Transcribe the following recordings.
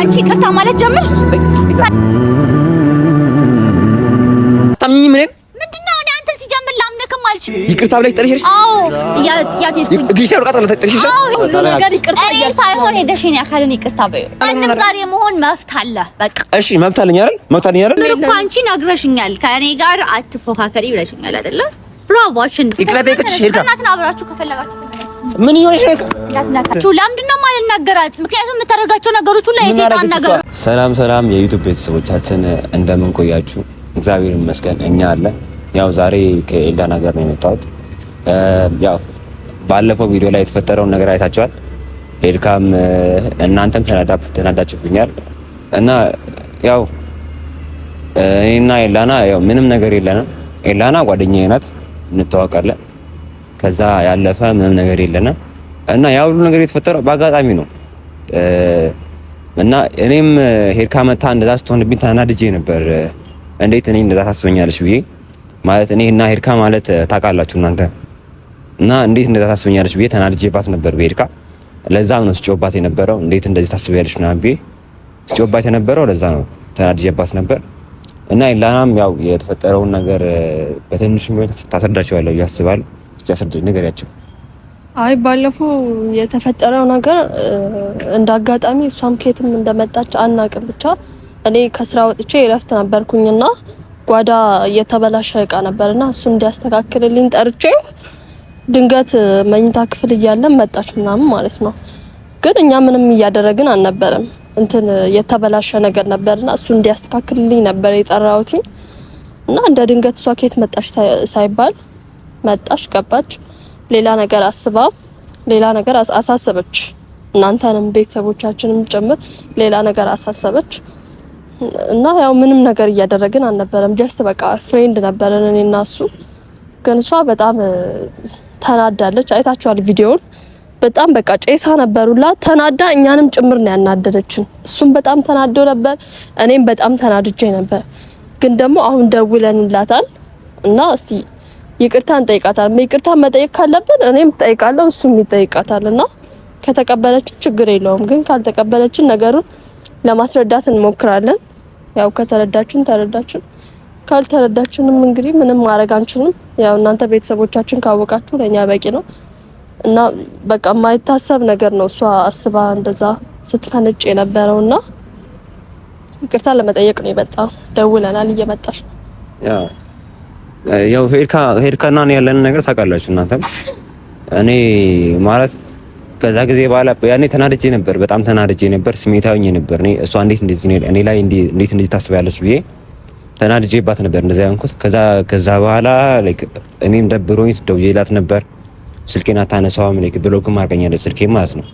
አንቺ ይቅርታ ማለት ጀምር። ታምኚኝም ነን ምንድን ነው? እኔ አንተን ሲጀምር ላምነክም አልችልም። ይቅርታ ብለሽ ጠርሽሽ? አዎ፣ ይቅርታ ዛሬ መሆን መብት አለ። በቃ እሺ፣ መብት አለኝ አይደል? መብት አለኝ አይደል? ምን እኮ አንቺ ነግረሽኛል፣ ከእኔ ጋር አትፎካከሪ ብለሽኛል አይደለ? ብራቮ፣ አሸንፍ። ይቅርታ ይቅርታ፣ እናትና አብራችሁ ከፈለጋችሁ ምን ይሆነሽ ያትናካችሁ ለምንድን ነው የማልናገራት? ምክንያቱም የምታደርጋቸው ነገሮች ሁሉ የሰይጣን ነገር። ሰላም ሰላም፣ የዩቲዩብ ቤተሰቦቻችን እንደምን ቆያችሁ? እግዚአብሔር ይመስገን እኛ አለ። ያው ዛሬ ከኤልዳ ጋር ነው የመጣሁት። ያው ባለፈው ቪዲዮ ላይ የተፈጠረውን ነገር አይታችኋል። ኤልካም እናንተም ተናዳችሁብኛል እና ያው እኔና ኤልዳና ያው ምንም ነገር የለንም። ኤልዳና ጓደኛዬ ናት፣ እንተዋወቃለን ከዛ ያለፈ ምንም ነገር የለና እና ያ ሁሉ ነገር የተፈጠረው በአጋጣሚ ነው። እና እኔም ሄድካ መታ እንደዛ ስትሆንብኝ ተናድጄ ነበር። እንዴት እኔ እንደዛ ታስበኛለች ብዬ ማለት እኔ እና ሄድካ ማለት ታውቃላችሁ እናንተ እና እንዴት እንደዛ ታስበኛለች ብዬ ተናድጄባት ነበር በሄድካ። ለዛም ነው ስጮባት የነበረው እንዴት እንደዚህ ታስበኛለች ና ብዬ ስጮባት የነበረው ለዛ ነው ተናድጄባት ነበር። እና ኢላናም ያው የተፈጠረውን ነገር በትንሽ ታስረዳቸዋለሁ ብዬ አስባለሁ። እስቲ አስረዳኝ፣ ንገሪያቸው። አይ ባለፈው የተፈጠረው ነገር እንደ አጋጣሚ እሷም ከየትም እንደመጣች አናቅም። ብቻ እኔ ከስራ ወጥቼ እረፍት ነበርኩኝና ጓዳ የተበላሸ እቃ ነበርና እሱ እንዲያስተካክልልኝ ጠርቼ ድንገት መኝታ ክፍል እያለን መጣች ምናምን ማለት ነው። ግን እኛ ምንም እያደረግን አልነበረም። እንትን የተበላሸ ነገር ነበርና እሱ እንዲያስተካክልልኝ ነበር የጠራሁት እና እንደ ድንገት እሷ ከየት መጣች ሳይባል መጣች፣ ገባች፣ ሌላ ነገር አስባ ሌላ ነገር አሳሰበች። እናንተንም ቤተሰቦቻችንም ጭምር ሌላ ነገር አሳሰበች እና ያው ምንም ነገር እያደረግን አልነበረም። ጀስት በቃ ፍሬንድ ነበረን እኔ እና እሱ። ግን እሷ በጣም ተናዳለች። አይታችኋል ቪዲዮውን። በጣም በቃ ጨሳ ነበሩላ ተናዳ እኛንም ጭምር ነው ያናደደችን። እሱም በጣም ተናዶ ነበር፣ እኔም በጣም ተናድጄ ነበር። ግን ደግሞ አሁን ደውለንላታል እና እስቲ ይቅርታ እንጠይቃታለን። ይቅርታ መጠየቅ ካለብን እኔም ጠይቃለሁ፣ እሱም ይጠይቃታል እና ከተቀበለችን ችግር የለውም። ግን ካልተቀበለችን ነገሩን ለማስረዳት እንሞክራለን። ያው ከተረዳችን ተረዳችን፣ ካልተረዳችንም እንግዲህ ምንም ማድረግ አንችልም። ያው እናንተ ቤተሰቦቻችን ካወቃችሁ ለእኛ በቂ ነው እና በቃ የማይታሰብ ነገር ነው እሷ አስባ እንደዛ ስትፈነጭ የነበረው እና ይቅርታ ለመጠየቅ ነው የመጣ። ደውለናል፣ እየመጣች ነው። ያው ሄድካ ሄድካና ያለንን ነገር ታውቃላችሁ እናንተም። እኔ ማለት ከዛ ጊዜ በኋላ ያኔ ተናድጄ ነበር፣ በጣም ተናድጄ ነበር፣ ስሜታዊ ነበር። እኔ እሷ እንዴት እንደዚህ እኔ ላይ እንዴት እንደዚህ ታስባለች ብዬ ተናድጄባት ነበር፣ እንደዛ ያንኩት። ከዛ ከዛ በኋላ ላይክ እኔም ደብሮኝ ደውዬላት ነበር፣ ስልኬን አታነሳውም። ላይክ ብሎክም አድርገኛለች ስልኬ ማለት ነው።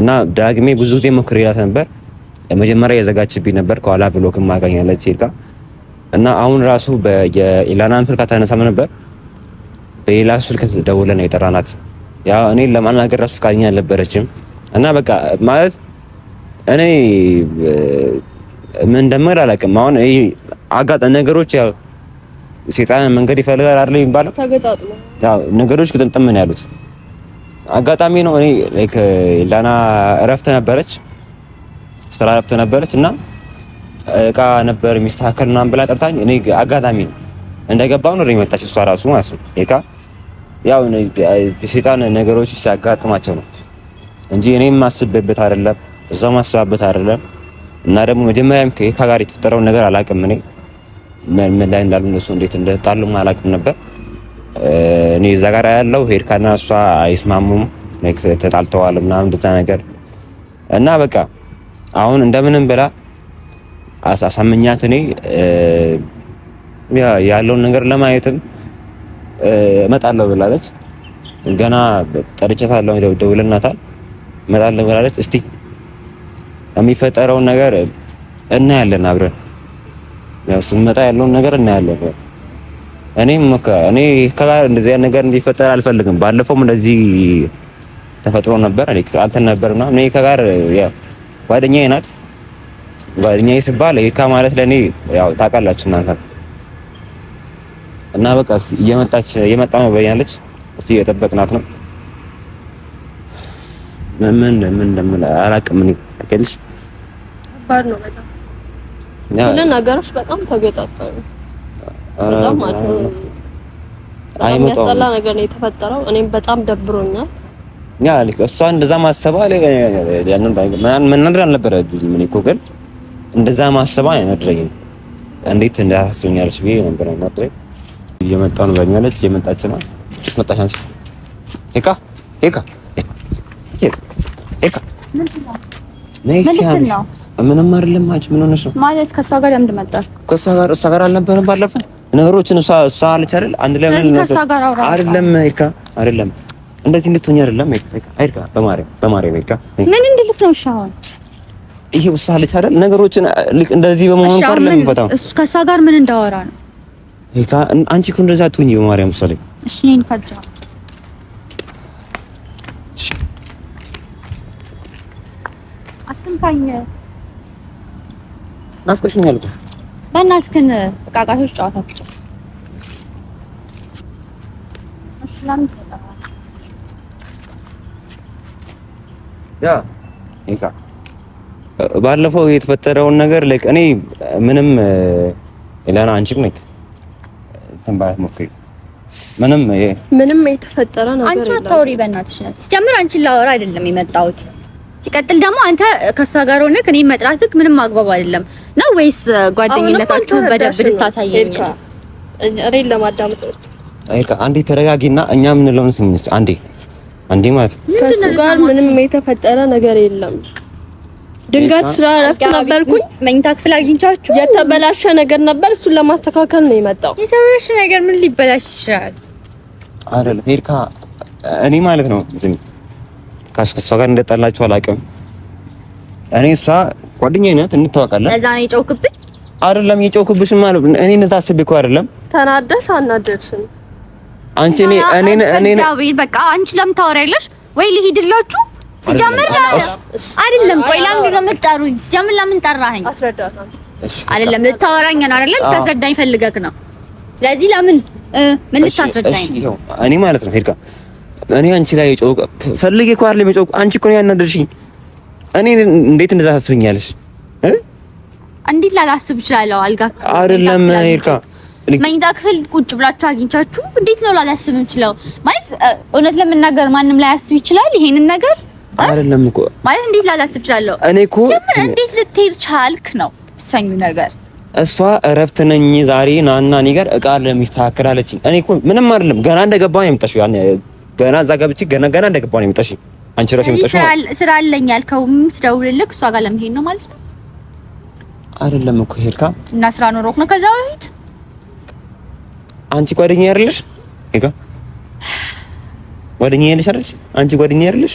እና ዳግሜ ብዙ ጊዜ ሞክሬላት ነበር። መጀመሪያ የዘጋችብኝ ነበር፣ ከኋላ ብሎክም አድርገኛለች ሄድካ እና አሁን ራሱ የኢላናን ስልክ አታነሳም ነበር። በሌላ ስልክ ደውለን ነው የጠራናት። ያው እኔ ለማናገር ራሱ ፈቃደኛ አልነበረችም። እና በቃ ማለት እኔ ምን እንደምል አላውቅም። አሁን ይሄ አጋጣሚ ነገሮች ያው ሴጣን መንገድ ይፈልጋል አይደል የሚባለው። ያው ነገሮች ግጥምጥም ነው ያሉት። አጋጣሚ ነው እኔ ላይክ ኢላና እረፍት ነበረች፣ ስራ እረፍት ነበረች እና እቃ ነበር የሚስተካከል ምናምን ብላ ጠርታኝ፣ እኔ አጋጣሚ ነው እንደገባው ነው የመጣች እሷ ራሱ ማለት ነው። እቃ ያው የሰይጣን ነገሮች ሲያጋጥማቸው ነው እንጂ እኔም ማስበበት አይደለም እዛው ማስባበት አይደለም። እና ደግሞ መጀመሪያም ከየታ ጋር የተፈጠረውን ነገር አላውቅም። እኔ ምን ላይ እንዳሉ እነሱ እንዴት እንደጣሉም አላውቅም ነበር። እኔ እዛ ጋር ያለው ሄድካና እሷ አይስማሙም፣ ተጣልተዋል ምናምን እንደዛ ነገር እና በቃ አሁን እንደምንም ብላ አሳምኛት እኔ ያለውን ነገር ለማየትም እመጣለሁ ብላለች። ገና ጠርጨታለሁ፣ ደውልናታል። እመጣለሁ ብላለች። እስቲ የሚፈጠረውን ነገር እናያለን፣ አብረን ያው ስንመጣ ያለውን ነገር እናያለን። እኔም እኔ ከጋር እንደዚህ ነገር እንዲፈጠር አልፈልግም። ባለፈውም እንደዚህ ተፈጥሮ ነበር፣ አልተነበርም። እኔ ከጋር ጓደኛዬ ናት ጓደኛዬ ስባል ይካ ማለት ለኔ ያው ታውቃላችሁ እናንተ እና በቃ እየመጣች እየመጣ ነው በያለች። እስቲ እየጠበቅናት ነው። ምን ምን እንደምን አላውቅም። ምን አቀልሽ ባር ነው በጣም ሁሉ ነገሮች በጣም ተገጣጣሉ። በጣም ማለት ነው የሚያስጠላ ነገር ነው የተፈጠረው። እኔም በጣም ደብሮኛል። ያ ልክ እሷ እንደዛ ማሰባ ላይ ያን ምን ነገር አልነበረ ምን እኮ ግን እንደዛ ማሰባ አይነድረኝም። እንዴት እንዳሳስበኛለች ብዬ ነበር ያናድረኝ። እየመጣሁ ነው ብላኛለች። እየመጣች ነው። መጣች አንቺ ሄካ ሄካ ሄካ ምንም አይደለም። አንቺ ምን ሆነሽ ነው ማለት? ከእሷ ጋር ለምን መጣሽ? ከእሷ ጋር እሷ ጋር አልነበረም ባለፈው ነገሮችን እሷ እሷ አለች አይደል? አንድ ላይ ምን ነው አይደለም ሄካ አይደለም እንደዚህ እንድትሆኝ አይደለም ሄካ ሄካ በማርያም በማርያም ሄካ ምን እንድልክ ነው እሺ አሁን ይሄ ውስጥ አለች ነገሮችን ልክ እንደዚህ በመሆኑ ጋር ለሚፈታው እሱ ከእሷ ጋር ምን እንዳወራ ነው። ይካ አንቺ እኮ እንደዛ አትሁኝ በማርያም ሰለኝ። እሺ ነኝ ካጃ አትንካኝ። ናፍቀሽኛል እኮ በእናትህ ግን እቃቃሾች ጨዋታ ብቻ ያ ይካ ባለፈው የተፈጠረውን ነገር ላይክ እኔ ምንም ኤላና አንቺም ነክ ተንባያት ሞክሪ ምንም ምንም የተፈጠረ ነገር አንቺ አታውሪ፣ በእናትሽ ናት። ሲጀምር አንቺን ላወራ አይደለም የመጣሁት። ሲቀጥል ደግሞ አንተ ከሷ ጋር ሆነህ እኔ መጥራትህ ምንም አግባብ አይደለም ነው ወይስ ጓደኝነታችሁን በደንብ ልታሳየኝ ነው? እኔን ለማዳመጥ አይካ አንዴ ተረጋጊና እኛ ምን ለምን ስንስ አንዴ አንዴ ማለት ከሱ ጋር ምንም የተፈጠረ ነገር የለም። ድንገት ስራ እረፍት ነበርኩኝ። መኝታ ክፍል አግኝቻችሁ የተበላሸ ነገር ነበር፣ እሱን ለማስተካከል ነው የመጣው። የተበላሸ ነገር ምን ሊበላሽ ይችላል? አይደለም ሄርካ፣ እኔ ማለት ነው ዝም ከእሷ ጋር እንደጠላችሁ አላውቅም። እኔ እሷ ጓደኛዬ ናት፣ እንታወቃለን። ለዛ ነው የጨውክብኝ። አይደለም የጨውክብሽም ማለት እኔ እንደዛ አስቤ እኮ አይደለም። ተናደሽ አናደድሽኝ አንቺ። እኔ እኔ እኔ በቃ አንቺ ለምን ወይ ልሂድላችሁ ሲጀምር አይደለም። ቆይ ለምንድን ነው የምትጠሩኝ? ሲጀምር ለምን ጠራኸኝ? አይደለም ልታወራኝ ነው አይደለም፣ ልታስረዳኝ ፈልገህ ነው። ስለዚህ ለምን ምን ልታስረዳኝ? እኔ ማለት ነው ሄድካ እኔ አንቺ ላይ ጮክ ፈልጌ እኮ አይደለም የጮክ አንቺ እኮ ነው ያናደድሽኝ። እኔ እንዴት እንደዛ ታስብኛለሽ? እንዴት ላላስብ እችላለሁ? አልጋ አይደለም ሄድካ መኝታ ክፍል ቁጭ ብላችሁ አግኝቻችሁ እንዴት ነው ላላስብ እችላለሁ? ማለት እውነት ለመናገር ማንም ላይ ያስብ ይችላል ይሄንን ነገር አይደለም እኮ ማለት እንዴት ላላስብ እችላለሁ? እኔ እኮ እንዴት ልትሄድ ቻልክ ነው ሰኙ ነገር እሷ እረፍት ነኝ ዛሬ ናና እኔ ጋር እቃ ለሚስተካከል አለችኝ። እኔ እኮ ምንም አይደለም ገና እንደገባ ነው የምጠሽ ያን ገና እዛ ገብቼ ገና ገና እንደገባ ነው የምጠሽ አንቺ እረፍት የምጠሽ ስራ አለኝ ያልከውም ስደውልልክ እሷ ጋር ለመሄድ ነው ማለት ነው። አይደለም እኮ ሄድካ እና ስራ ኖሮክ ነው ከዛ በፊት አንቺ ጓደኛዬ አይደለሽ? ይጋ ጓደኛዬ አይደለሽ? አንቺ ጓደኛዬ አይደለሽ?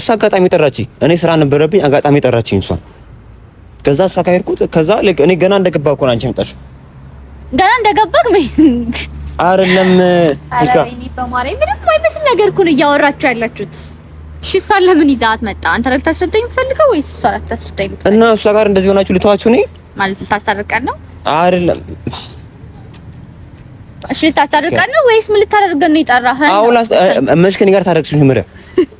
እሷ አጋጣሚ ጠራችኝ። እኔ ስራ ነበረብኝ። አጋጣሚ ጠራችኝ እሷ። ከዛ እሷ ካሄድኩት ከዛ እኔ ገና እንደገባህ እኮ ነው አንቺ የመጣሽው። ገና እንደገባህ አይደለም ይካ ምንም አይመስል ነገር እኮ ነው እያወራችሁ ያላችሁት። እሺ እሷን ለምን ይዛት መጣ? አንተ ልታስረዳኝ የምትፈልገው ወይስ እሷ ልታስረዳኝ የምትፈልገው? እና እሷ ጋር እንደዚህ ሆናችሁ ልተዋችሁ እኔ ማለት ልታስታርቀን ነው አይደለም? እሺ ልታስታርቀን ነው ወይስ ምን ልታደርገን ነው የጠራኸን? አሁን መች ከእኔ ጋር ታደርግሽ ምምሪያ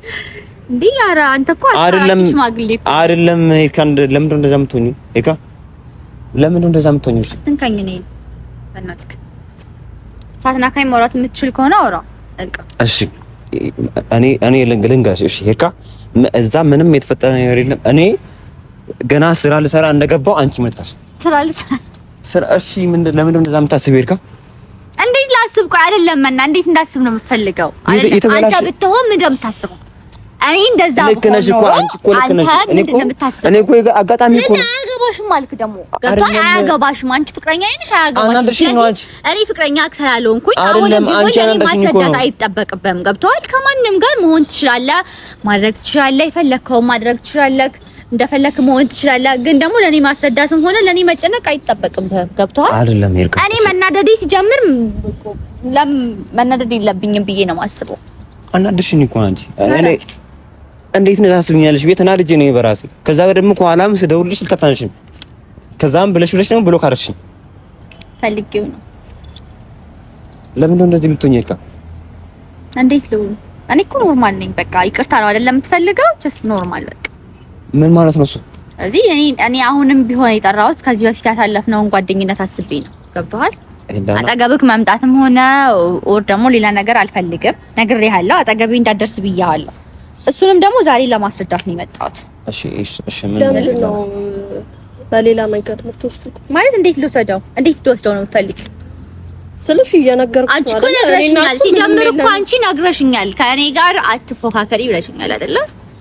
እንዴ ኧረ አንተ እኮ አይደለም ሽማግሌ አይደለም። ኤካ ለምንድን ነው እንደዛ የምትሆኚው? ኤካ ለምንድን ነው እንደዛ የምትሆኚው? ትንካኝ ነኝ። በእናትህ ሳትናካኝ ማውራት የምትችል ከሆነ አውራ። እሺ እኔ እኔ ልንገርሽ። እሺ ኤካ እዛ ምንም የተፈጠረ ነገር የለም። እኔ ገና ስራ ልሰራ እንደገባው አንቺ መጣሽ። ስራ ልሰራ ስራ። እሺ ምንድን ለምንድን ነው እንደዛ የምታስብ ኤካ? እንዴት ላስብ? ቆይ አይደለም እና እንዴት እንዳስብ ነው የምትፈልገው? አንተ ብትሆን ምንድን ነው የምታስበው? እኔ እንደዛ ልክ ነሽ እኮ አንቺ እኮ ልክ ነሽ። እኔ እኮ እኔ እኮ አጋጣሚ እኮ አያገባሽም አልክ ደግሞ ገብቷል። አያገባሽም አንቺ ፍቅረኛ ነሽ፣ አያገባሽም። እኔ ፍቅረኛ ስላልሆንኩኝ አሁንም አንቺ ማስረዳት አይጠበቅብህም። ገብቷል። ከማንም ጋር መሆን ትችላለህ፣ ማድረግ ትችላለህ፣ የፈለግከውን ማድረግ ትችላለህ፣ እንደፈለክ መሆን ትችላለህ። ግን ደግሞ ለኔ ማስረዳትም ሆነ ለኔ መጨነቅ አይጠበቅብህም። ገብቷል አይደለም? እኔ መናደዴ ሲጀምር ለም መናደድ የለብኝም ብዬ ነው የማስበው። አናደሽኝ እኮ አንቺ እንዴት ነው ታስብኛለሽ? ቤት ተናድጄ ነው በራሴ። ከዛ ደግሞ ከኋላም ስደውልሽ ልከታንሽም ከዛም ብለሽ ብለሽ ነው ብሎክ አደረግሽኝ። ፈልጌው ነው። ለምን ነው እንደዚህ የምትሆኝ? ይልካ እንዴት ልሁን? እኔ እኮ ኖርማል ነኝ። በቃ ይቅርታ ነው አይደለም የምትፈልገው? ጀስት ኖርማል በቃ። ምን ማለት ነው እሱ? እዚህ እኔ እኔ አሁንም ቢሆን የጠራሁት ከዚህ በፊት ያሳለፍነውን ጓደኝነት አስቤ ነው። ገብቶሃል? አጠገብክ መምጣትም ሆነ ኦር ደግሞ ሌላ ነገር አልፈልግም። ነግሬሃለሁ። አጠገቤ እንዳደርስ ብያለሁ። እሱንም ደግሞ ዛሬ ለማስረዳት ነው የመጣሁት። እሺ እሺ። ምን ነው በሌላ መንገድ የምትወስጂው? ማለት እንዴት ልውሰደው? እንዴት ልትወስደው ነው የምትፈልግ ስልሽ? እየነገርኩሽ አንቺ እኮ ነግረሽኛል። ሲጀምር እኮ አንቺ ነግረሽኛል፣ ከእኔ ጋር አትፎካከሪ ብለሽኛል አይደለ?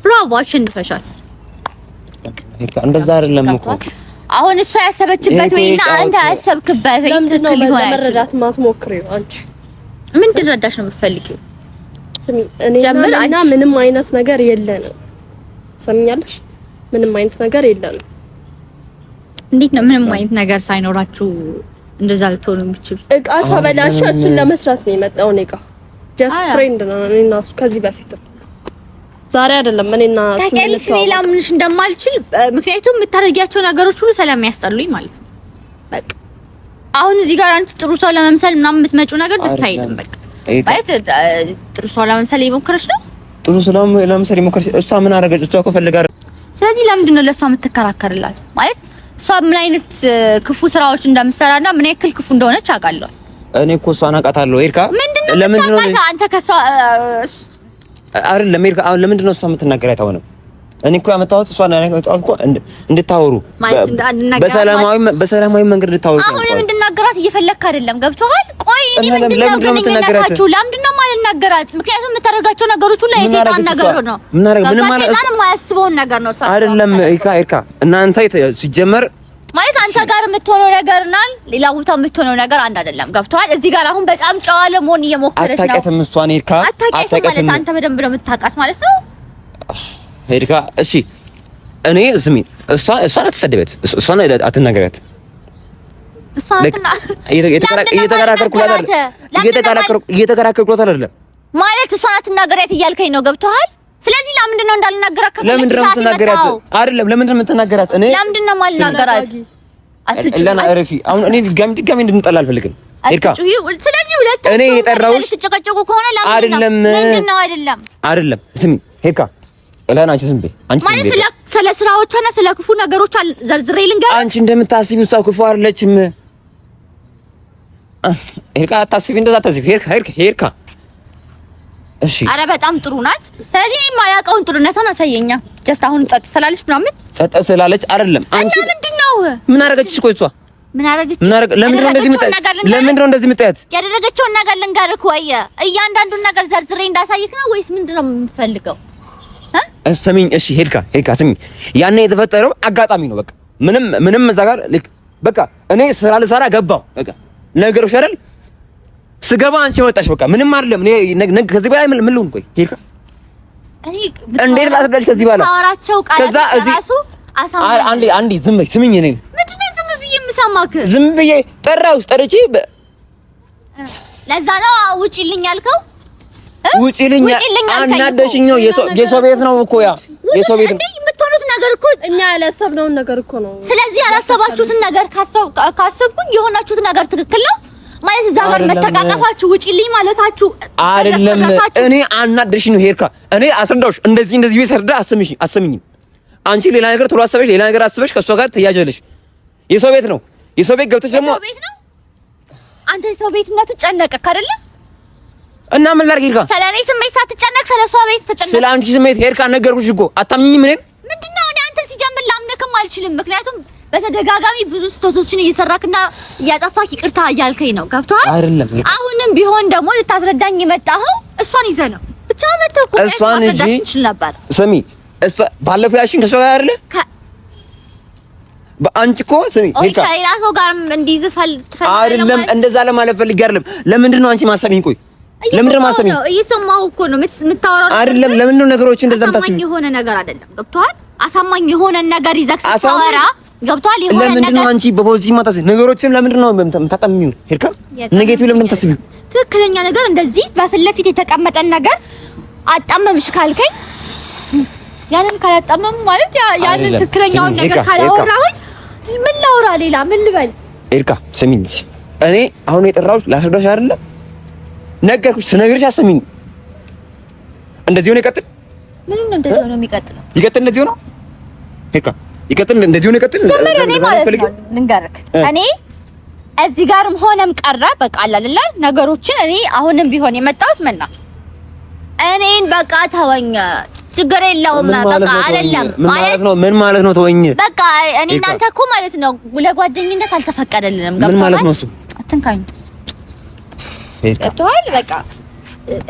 ብራቮ፣ አሸንፈሻል። እንደዛ አይደለም እኮ አሁን እሷ ያሰበችበት ወይና አንተ ያሰብክበት ወይ ትክክል ይሆናል። ለመረዳት ማትሞክሪው አንቺ ምንድን ረዳሽ ነው የምትፈልጊው? ስሚ፣ እኔና ምንም አይነት ነገር የለንም። ሰምኛለሽ? ምንም አይነት ነገር የለንም። እንዴት ነው ምንም አይነት ነገር ሳይኖራችሁ እንደዛ ልትሆኑ የምትችሉ? እቃ ተበላሸ፣ እሱን ለመስራት ነው የመጣውን እቃ ጀስት ፍሬንድ ነው እና እሱ ከዚህ በፊት ዛሬ አይደለም። እና እሱ ታውቂያለሽ፣ እኔ ላምንሽ እንደማልችል ምክንያቱም የምታደርጊያቸው ነገሮች ሁሉ ስለሚያስጠሉኝ ማለት ነው። በቃ አሁን እዚህ ጋር አንቺ ጥሩ ሰው ለመምሰል ምናምን የምትመጪው ነገር ደስ አይልም። በቃ ጥሩ ሰው ለመምሰል የሞከረች ነው። ጥሩ ሰው ለመምሰል የሞከረች እሷ ምን አደረገች? እሷ እኮ ፈልጋ ስለዚህ ለምንድን ነው ለእሷ የምትከራከርላት? ማለት እሷ ምን አይነት ክፉ ስራዎች እንደምትሰራና ምን ያክል ክፉ እንደሆነች አውቃለሁ። እኔ እኮ እሷን አውቃታለሁ። ኤርካ ለምንድን ነው አንተ ከሷ አይደለም። ኤርካ ለምንድን ነው እሷ የምትናገር አይታወንም እኔ እኮ ያመጣሁት እሷን ያመጣሁት እኮ እንድታወሩ በሰላማዊ በሰላማዊ መንገድ እንድታወሩ። አሁንም እንድናገራት እየፈለግክ አይደለም፣ ገብቶሃል? ቆይ እኔ ምንድነው ግንኙነታችሁ? ለምንድን ነው የማልናገራት? ምክንያቱም የምታደርጋቸው ነገሮች ሁሉ የሰይጣን ነገር ነው። ምን አደረገ? ምንም ማለት ሰይጣን የማያስበውን ነገር ነው። እሷ አይደለም ይካ ይካ እናንተ ሲጀመር ማለት አንተ ጋር የምትሆነው ነገርና ሌላ ቦታ የምትሆነው ነገር አንድ አይደለም። ገብቶሃል? እዚህ ጋር አሁን በጣም ጨዋ ለመሆን እየሞከረች ነው። አታውቂያትም፣ እሷን ይካ አታውቂያትም። ማለት አንተ በደንብ ነው የምታውቃት ማለት ነው ሄድካ እሺ እኔ ስሚ፣ እሷ እሷ አትሰደበት፣ እሷ አትናገሪያት። እየተከራከርኩላት አይደለም ማለት እሷ አትናገሪያት እያልከኝ ነው። ገብቶሃል? ስለዚህ ለምንድን ነው እንዳልናገራት? ለምንድን ነው የምትናገሪያት? አይደለም ለምንድን ነው የምትናገሪያት? እኔ ለምንድን ነው የማልናገራት? እረፊ። አሁን እኔ ድጋሚ ድጋሚ እንድንጠላ አልፈልግም። ስለዚህ እኔ የጠራሁሽ ትጨቀጨቁ ከሆነ አይደለም አይደለም ስሚ ጥለን አንቺ ዝም በይ። አንቺ ማለት ስለ ስራዎቿና ስለ ክፉ ነገሮቿ ዘርዝሬ ልንገር። አንቺ እንደምታስቢው እሷ ክፉ አይደለችም። ሄርካ አታስቢ፣ እንደዛ አታስቢ ሄርካ፣ ሄርካ፣ ሄርካ። እሺ፣ አረ በጣም ጥሩ ናት። ስለዚህ እኔ የማላውቀውን ጥሩነቷን አሳየኛ። ጀስት አሁን ጸጥ ስላለች ምናምን ጸጥ ስላለች አይደለም። አንቺ ምንድን ነው ምን አደረገችሽ? ቆይ እሷ ምን አደረገች? ለምንድን ነው እንደዚህ የምታያት? ነው እንደዚህ የምታያት? ያደረገችውን ነገር ልንገርህ ወይ? እያንዳንዱን ነገር ዘርዝሬ እንዳሳይክ ነው ወይስ ምንድን ነው የምፈልገው? ሰሚኝ። እሺ ሄድካ ሄድካ ስሚኝ፣ ያኔ የተፈጠረው አጋጣሚ ነው። በቃ ምንም ምንም እዛ ጋር ልክ በቃ እኔ ስራ ልሰራ ገባሁ። በቃ ነገሮች አይደል ስገባ አንቺ መጣሽ። በቃ ምንም አይደለም። እኔ ነገ ከዚህ በላይ ምን ልሁን? ቆይ ሄድካ እንዴት ላስብላሽ? ከዚህ በኋላ አወራቸው ቃል ከዛ እዚህ አንዴ አንዴ ዝም በይ ስሚኝ። እኔ ምንድነው ዝም ብዬ የምሰማክ? ዝም ብዬ ጠራሁሽ፣ ጠርቼ ለዛ ነው ውጪልኝ አልከው ውጪልኝ፣ አናደሽኝ ነው። የሰው ቤት ነው እኮ ያ የሰው ቤት ነው የምትሆኑት ነገር እኮ እኛ ያላሰብነውን ነገር እኮ ነው። ስለዚህ ያላሰባችሁትን ነገር ካሰብኩኝ የሆናችሁት ነገር ትክክል ነው ማለት እዛ ጋር መተቃቀፋችሁ ውጪልኝ ማለታችሁ አይደለም። እኔ አናደሽኝ ነው ሄርካ። እኔ አስረዳሁሽ እንደዚህ እንደዚህ ቤት ሰርዳ አሰምሽኝ አሰምኝ። አንቺ ሌላ ነገር ቶሎ አሰበሽ፣ ሌላ ነገር አስበሽ ከእሷ ጋር ትያጀለሽ። የሰው ቤት ነው። የሰው ቤት ገብተሽ ደግሞ አንተ የሰው ቤትነቱ ጨነቀ አይደለም እና ምን ላድርግ ሄርካ? ስለ እኔ ስሜት ሳትጨነቅ ስለ እሷ ቤት ተጨነቅ። ስለ አንቺ ስሜት ሄርካ ነገርኩሽ እኮ አታምኚኝም። እኔን ምንድን ነው እኔ አንተ ሲጀምር ላምንክም አልችልም። ምክንያቱም በተደጋጋሚ ብዙ ስህተቶችን እየሰራክና እያጠፋክ ይቅርታ እያልከኝ ነው። ገብቶሃል አይደለም? አሁንም ቢሆን ደግሞ ልታስረዳኝ የመጣኸው እሷን ይዘህ ነው። ብቻ መተኩ እሷን እንጂ ስሚ፣ እሷ ባለፈው ያልሽኝ ከእሷ ጋር አይደለ? በአንቺ እኮ ስሚ፣ ከሌላ ሰው ጋር እንዲይዝ አይደለም። እንደዛ ለማለት ፈልጌ አይደለም። ለምንድን ነው አንቺ ማሰብኝ? ቆይ ለምንድን ነው የማሰሚኝ? እየሰማሁ እኮ ነው የምታወራው አይደለም። ለምን ነው ነገሮች እንደዛ የምታስቢ? አሳማኝ የሆነ ነገር አይደለም። ገብቷል? አሳማኝ የሆነ ነገር ይዘህ ስታወራ ገብቷል? የሆነ ነገር ለምንድን ነው አንቺ በፖዚቲቭ ማታስ ነገሮችን ለምንድን ነው የምታጠምሚው? ሄድካ ኔጌቲቭ ለምን ነው የምታስቢው? ትክክለኛ ነገር እንደዚህ በፊት ለፊት የተቀመጠን ነገር አጣመምሽ ካልከኝ ያንን ካላጣመም ማለት ያንን ትክክለኛውን ነገር ካላወራሁኝ ምን ላውራ? ሌላ ምን ልበል? ኤርካ ስሚኝ፣ እኔ አሁን የጠራሁሽ ላስረዳሽ አይደለም ነገርኩሽ። ስነግርሽ አሰሚኝ። እንደዚህ ሆነ ይቀጥል። ምን ነው እንደዚህ ሆነ የሚቀጥለው ይቀጥል። እንደዚህ ሆነ ሄርካ ይቀጥል። እንደዚህ ሆነ ይቀጥል። እኔ ማለት ነው ልንገርክ፣ እኔ እዚህ ጋርም ሆነም ቀረ በቃ አለ ነገሮችን እኔ አሁንም ቢሆን የመጣሁት መና እኔን በቃ ተወኝ፣ ችግር የለውም በቃ አይደለም። ማለት ነው ምን ማለት ነው ተወኝ በቃ እኔ እናንተ እኮ ማለት ነው ለጓደኝነት አልተፈቀደልንም። ገብቶሃል? ምን ማለት ነው እሱ አትንካኝ ገብቶሃል? በቃ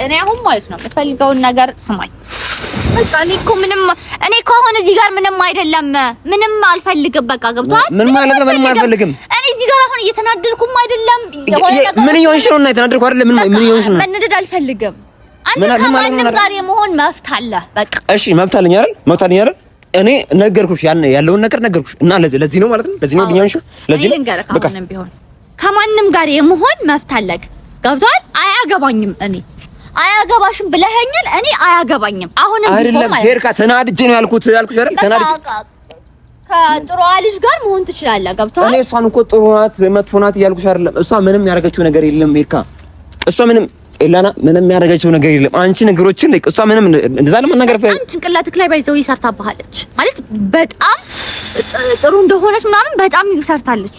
እኔ አሁን ማለት ነው የምፈልገውን ነገር ስማኝ። በቃ እኔ እኮ ምንም እኔ እኮ አሁን እዚህ ጋር ምንም አይደለም፣ ምንም አልፈልግም። በቃ ገብቶሃል? ምን ማለት ነው ምንም አልፈልግም? እኔ እዚህ ጋር አሁን እየተናደድኩም አይደለም። ምን እየሆንሽ ነው? እና የተናደድኩ አይደለም። ምን ምን እየሆንሽ ነው? መነደድ አልፈልግም። አንተ ከማንም ጋር የመሆን መብት አለ። በቃ እሺ፣ መብት አለኝ አይደል? መብት አለኝ አይደል? እኔ ነገርኩሽ፣ ያን ያለውን ነገር ነገርኩሽ። እና ለዚህ ነው ማለት ነው ለዚህ ነው ለዚህ ነው ከማንም ጋር የመሆን መብት አለህ ገብቷል። አያገባኝም እኔ አያገባሽም ብለኸኝን እኔ አያገባኝም። አሁንም አይደለም ሄርካ ተናድጄ ነው ያልኩት ያልኩሽ አይደል? ተናድጄ ከጥሩዋ ልጅ ጋር መሆን ትችላለህ። ገብቷል። እኔ እሷን እኮ ጥሩ ናት መጥፎ ናት እያልኩሽ አይደለም። እሷ ምንም ያደረገችው ነገር የለም ሄርካ። እሷ ምንም ኤላና ምንም ያደረገችው ነገር የለም። አንቺ ነገሮችን ላይ እሷ ምንም እንደዛ ለምን ነገር ፈይ አንቺ ጭንቅላትህ ላይ ባይዘው ይሰርታብሃለች ማለት በጣም ጥሩ እንደሆነች ምናምን በጣም ይሰርታለች።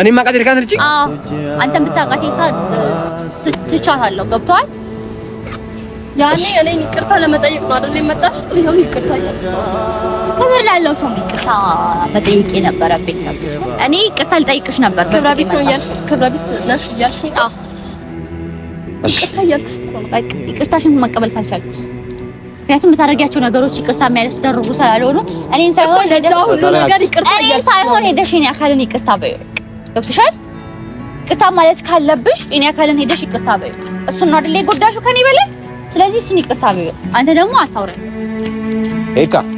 እኔ ማቃቴ ካንተ ልጅ አዎ፣ አንተ ብታቃቴ ትቻታለሁ። ገብቷል። ያኔ እኔ ይቅርታ ለመጠየቅ ነው አይደል የመጣሽ? ይሄው ይቅርታ ክብር ላለው ሰው ይቅርታ መጠየቅ የነበረብኝ ነበር። እኔ ይቅርታ ልጠይቅሽ ነበር። ክብረ ቢስ ነው እያልሽ ክብረ ቢስ ነሽ እያልሽ አዎ፣ ይቅርታ እያልኩሽ ይቅርታሽን መቀበል ካልቻልኩስ ምክንያቱም የምታደርጊያቸው ነገሮች ይቅርታ የሚያስደርጉ ስላልሆኑ እኔን ሳይሆን ለዛ ሁሉ ነገር ይቅርታ እኔን ሳይሆን ሄደሽ የእኔ አካልን ይቅርታ በይው ገብቶሻል? ይቅርታ ማለት ካለብሽ እኔ አካልን ሄደሽ ይቅርታ በይ። እሱን ነው አይደል የጎዳሽው ከኔ በላይ። ስለዚህ እሱን ይቅርታ በይ። አንተ ደግሞ አታውራ ኤካ